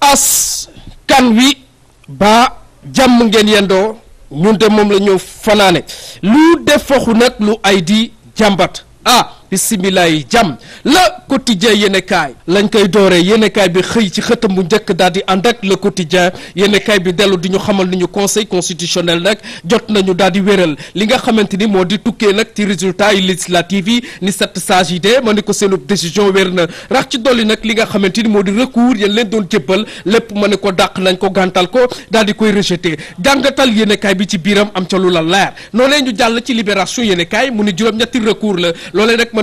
askan wi ba jàmm ngeen yendoo ñun de moom la ñëw fanaane lu def faxu nag lu ay di jàmbat ah bisimilah yi jàmm la quotidien yéenekaay lañ koy dooree yéenekaay bi xëy ci xëtam bu njëkk daal di ànd ak le quotidien yéenekaay bi dellu di ñu xamal ni ñu conseil constitutionnel nag jot nañu daal di wéral li nga xamante ni moo di tukkee nag ci résultat yi législative yi ni sept sages yi de ma ne ko seenub décision wér na rax ci dolli nag li nga xamante ni moo di recours ya leen doon jébbal lépp ma ne ko dàq nañ ko gàntal ko daal di koy rejeté jàngatal yéenekaay bi ci biiram am ca lu la leer noonee jàll ci libération yéenekaay mu ni juróom-ñetti recours la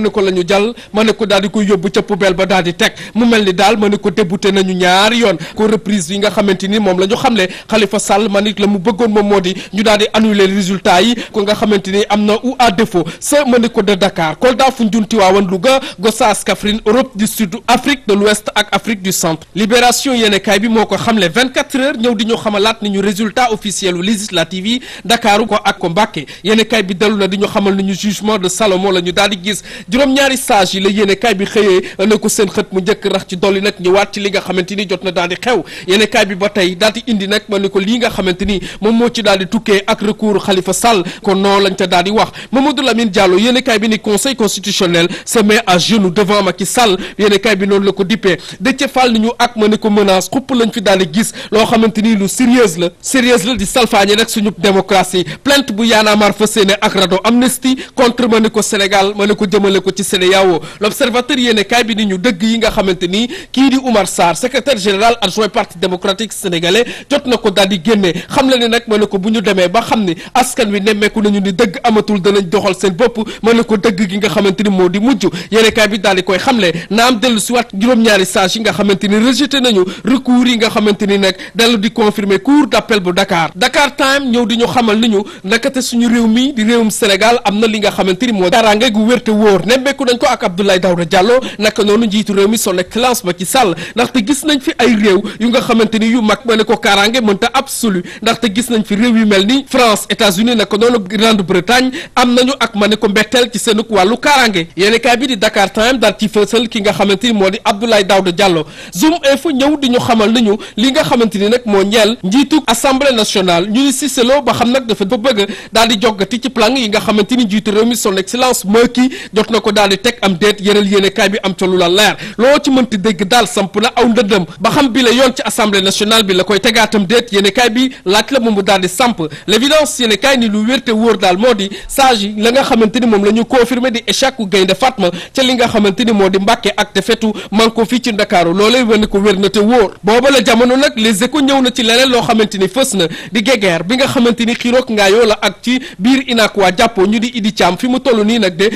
ne ko la ñu jàll ma ne ko daal di koy yóbbu ca poubelle ba daal di teg mu mel ni daal ma ne ko débouté nañu ñaari yoon ko reprise yi nga xamante ni moom la ñu xamle xalifa Sall ma nit la mu bëggoon moom moo di ñu daal di annuler résultat yi ko nga xamante ni am na ou à défaut sa ma ne ko de Dakar Kolda Foundiougne Tivaouane Louga Gossas Kaffrine Europe du Sud Afrique de l'Ouest ak Afrique du Centre Libération yéene kaay bi moo ko xamle 24 heures ñëw di ñu xamalaat ni ñu résultat officiel u législative yi Dakar ko ak ko Mbàkke yéene kaay bi dellu na di ñu xamal ni ñu jugement de Salomon ñu daal di gis juróom-ñaari sage yi la yéene kaay bi xëyee na ko seen xët mu njëkk rax ci dolli nag ñëwaat ci li nga xamante ni jot na daal di xew yéene bi ba tey daal di indi nag ma ne ko lii nga xamante ni moom moo ci daal di tukkee ak recours Khalifa Sall kon non lañ ca daal di wax Mamadou Lamine Diallo yéene kaay bi ni conseil constitutionnel se met à genoux devant Macky Sall yéene kaay bi noonu la ko dippee Déthié Fall ni ñu ak ma ne ko menace xupp lañ fi daal di gis loo xamante ni lu sérieuse la sérieuse la di salfaañe nag suñu démocratie plainte bu yaanaamar fa séene ak rado amnistie contre ma ne ko Sénégal ma ne ko jëmale jëmale ko ci CEDEAO l'observateur yéene bi ni ñu dëgg yi nga xamante ni kii di Oumar Sarr secretaire général adjoint parti démocratique sénégalais jot na ko daal di génne xam la ne nag ma ne ko bu ñu demee ba xam ni askan wi nemmeeku nañu ni dëgg amatul danañ doxal seen bopp ma ne ko dëgg gi nga xamante ni moo di mujj yéene kaay bi daal di koy xamle naam dellu si waat juróom-ñaari sages yi nga xamante ni rejeté nañu recours yi nga xamante ni nag dellu di confirmer cour d'appel bu Dakar Dakar Time ñëw di ñu xamal ni ñu nakate suñu réew mi di réewum Sénégal am na li nga xamante ni moo kaaraange gu wér te wóor nemmeeku nañ ko ak Abdoulaye Daouda Diallo naka noonu njiitu réew mi son excellence Macky Sall ndaxte gis nañ fi ay réew yu nga xamante ni yu mag ma ne ko kaaraange mënta absolu ndaxte gis nañ fi réew yu mel ni France États-Unis naka noonu Grande-Bretagne am nañu ak ma ne ko mbetteel ci seen wàllu kaaraange yéenekaay bi di Dakar Time daal ci fësal ki nga xamante ni moo di Abdoulaye Daouda Diallo Zoom Info ñëw di ñu xamal nañu li nga xamante ni nag moo njiitu assemblée nationale ñu ni Cissé Lo ba xam nag dafa ba bëgg daal di joggati ci yi nga xamante ni njiitu mi son excellence Macky jot na ko daal di teg am déet yeneen yéene kaay bi am ca lu la leer loo ci mënti dégg daal samp na aw ndëndëm ba xam bi la yoon ci assemblée nationale bi la koy tegaatam déet yéene kaay bi laaj la moom mu daal di samp l'évidence yéene kaay ni lu wérte wóor daal moo di sage la nga xamante ni moom la ñu confirmé di échec ku gaynde Fatma ca li nga xamante moo di mbàkke ak te fetu man ko fii ci ndakaaru loolee wane ko wér na te wóor booba la jamono nag les échos ñëw na ci leneen loo xamante ni fës na di gegeer bi nga xamante ni xiroog ngaayoo la ak ci biir inaak waa jàppoo ñu di idi caam fi mu toll nii nag de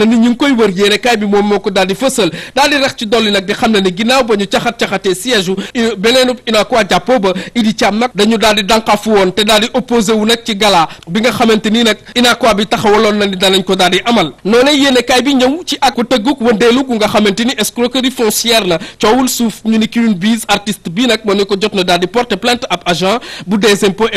na ni ñu ngi koy wër yéene bi moom moo ko daal di fësal daal di rax ci dolli nag di xam ne ni ginnaaw ba ñu caxat-caxatee siège u beneenub Unacois Jàppo ba Idi Thiam dañu daal di woon te daal di opposé wu nag ci gala bi nga xamante nii nag Unacois bi taxawaloon na ni danañ ko daal di amal noonee yéene kaay bi ñëw ci ak ku tëgguk wëndeelu gu nga xamante ni escroquerie foncière la coowul suuf ñu ni Queen Biz artiste bi nag ma ne ko jot na daal di porter plainte ab agent bu des impôts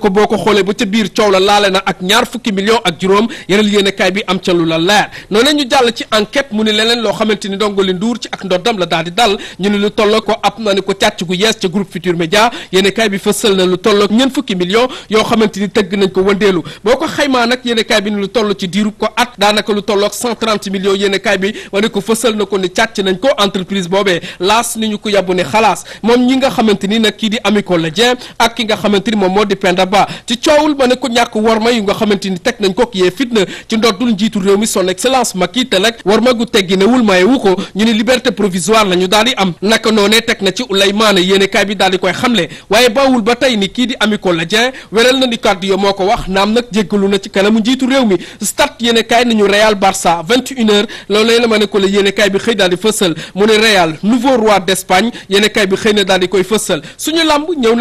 ko boo ko xoolee ba ca biir coow la laale na ak ñaar fukki millions ak juróom yëral yéene kaay bi am lu la leer noonu ñu jàll ci enquête mu ni leneen loo xamante ni Li Ndour ci ak ndoddam la daal dal ñu ne lu tolloog ko ab na ni ko càcc gu yees ca groupe Futur Média yéen bi fësal na lu tolloog ñeent fukki millions yoo xamante tëgg nañ ko entreprise boobee laas ni ñu ko yàbbu ne xalaas moom ñi nga xamante nag kii di Amicole la Dieng ak ki nga xamante moom moo di Penda Ba ci coowul ma ne ko ñàkk worma yu nga xamante teg nañ ko ki réew mi son excellence Macky te nag war magu tegginewul mayewu ko ñu ni liberté provisoire la ñu am naka noonee teg na ci Ulaymaan yéene kaay bi daal koy xamle waaye bawul ba tey ni kii di Ami Collé Dieng weral na ni kàddu moo ko wax naam nag jéggalu na ci kanamu njiitu réew mi stade yéene nañu Real Barça 21h la ma ne ko la yéene kaay bi xëy daal di fësal mu ne Real nouveau roi d'Espagne yéene bi xëy na daal di koy fësal suñu lamb ñëw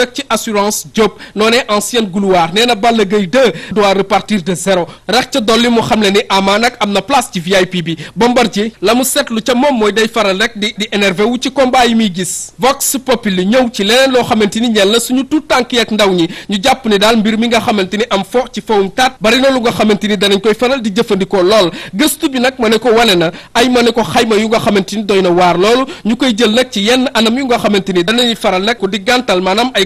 Ama nag am na place ci VIP bi Bombardier la mu seetlu ca moom mooy day faral rek di di énervé wu ci combat yi muy gis Vox Populi ñëw ci leneen loo xamante ni ñeel na suñu tuut tànk yi ak ndaw ñi ñu jàpp ne daal mbir mi nga xamante ni am fo ci fawum taat bari na lu nga xamante ni danañ koy faral di jëfandikoo lool gëstu bi nag ma ne ko wane na ay ma ne ko xayma yu nga xamante ni doy na waar loolu ñu koy jël nag ci yenn anam yu nga xamante ni danañuy faral nag ko di gàntal maanaam ay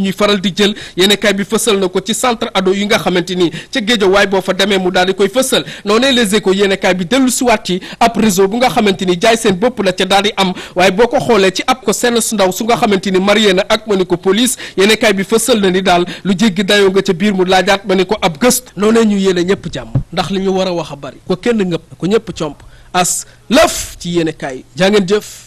ñuy faral di jël yéeni bi fësal na ko ci centre ado yi nga xamante ni ca géejowaay boo fa demee mu daal di koy fësal mel noonee les échos yéenekaay bi dellu siwaat ci ab réseau bu nga xamante ni jaay seen bopp la ca daal di am waaye boo ko xoolee ci ab ko seen su ndaw su nga xamante ni marié na ak ma ni ko police yéenekaay bi fësal na ni daal lu jéggi dayoo nga ca biir mu laajaat ma ni ko ab gëstu noonee ñu yéene ñëpp jàmm ndax li ñu war a wax a bari ko kenn ngëpp ko ñëpp comp as lëf ci yéenekaay jaa ngeen jëf